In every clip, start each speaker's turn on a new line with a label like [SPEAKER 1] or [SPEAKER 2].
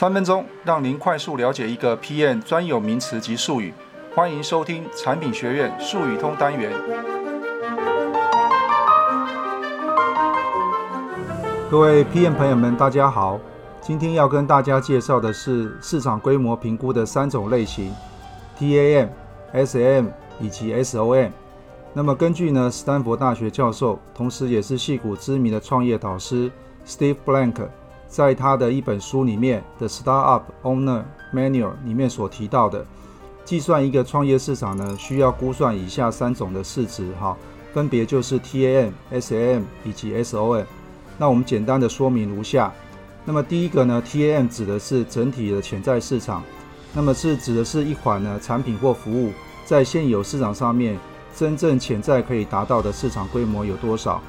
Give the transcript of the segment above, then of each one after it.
[SPEAKER 1] 三分鐘讓您快速了解一個 PM 專有名詞及術語，歡迎收聽產品學院術語通單元。各位 PM 朋友們，大家好，今天要跟大家介紹的是市場規模評估的三種類型：TAM、SAM 以及 SOM。那麼根據呢，史丹佛大學教授，同時也是矽谷知名的創業導師 Steve Blank。在他的一本書裡面的《The Startup Owner Manual》裡面所提到的，計算一個創業市場呢，需要估算以下三種的市值哈，分別就是 TAM、SAM 以及 SOM。那我們簡單的說明如下。那麼第一個呢，TAM 指的是整體的潛在市場，那麼是指的是一款呢產品或服務在現有市場上面真正潛在可以達到的市場規模有多少，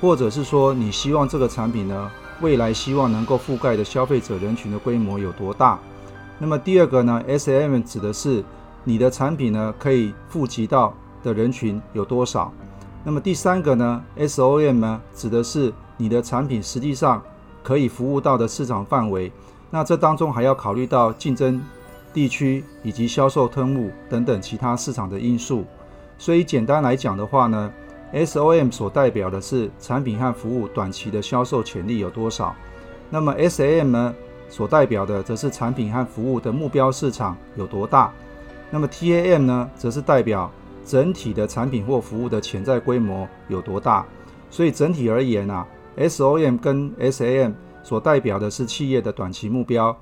[SPEAKER 1] 或者是說你希望這個產品呢？未來希望能夠覆蓋的消費者人群的規模有多大？那麼第二個呢？SAM 指的是你的產品呢，可以觸及到的人群有多少？那麼第三個呢？SOM 呢，指的是你的產品實際上可以服務到的市場範圍。那這當中還要考慮到競爭地區以及銷售通路等等其他市場的因素。所以簡單來講的話呢。SOM 所代表的是產品和服務短期的銷售潛力有多少？那麼 SAM 呢？所代表的則是產品和服務的目標市場有多大？那麼 TAM 呢？則是代表整體的產品或服務的潛在規模有多大？所以整體而言啊，SOM 跟 SAM 所代表的是企業的短期目標，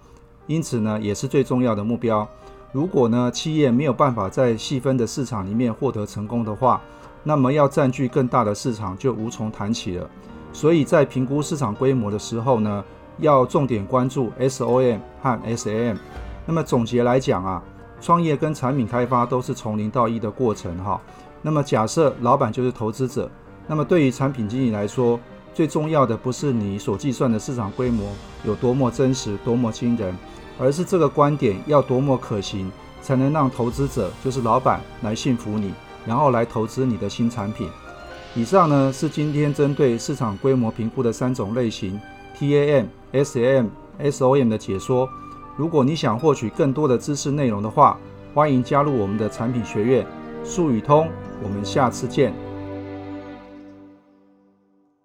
[SPEAKER 1] 因此呢，也是最重要的目標。如果呢，企業沒有辦法在細分的市場裡面獲得成功的話，那麼要佔據更大的市場就無從談起了。所以在評估市場規模的時候呢，要重點關注 SOM 和 SAM。那麼總結來講啊，創業跟產品開發都是從零到一的過程哈。那麼假設老闆就是投資者，那麼對於產品經理來說，最重要的不是你所計算的市場規模有多麼真實，多麼驚人。而是這個觀點要多麼可行，才能讓投資者，就是老闆來信服你，然後來投資你的新產品。以上呢是今天針對市場規模評估的三種類型 TAM、SAM、SOM 的解說。如果你想獲取更多的知識內容的話，歡迎加入我們的產品學院術語通。我們下次見。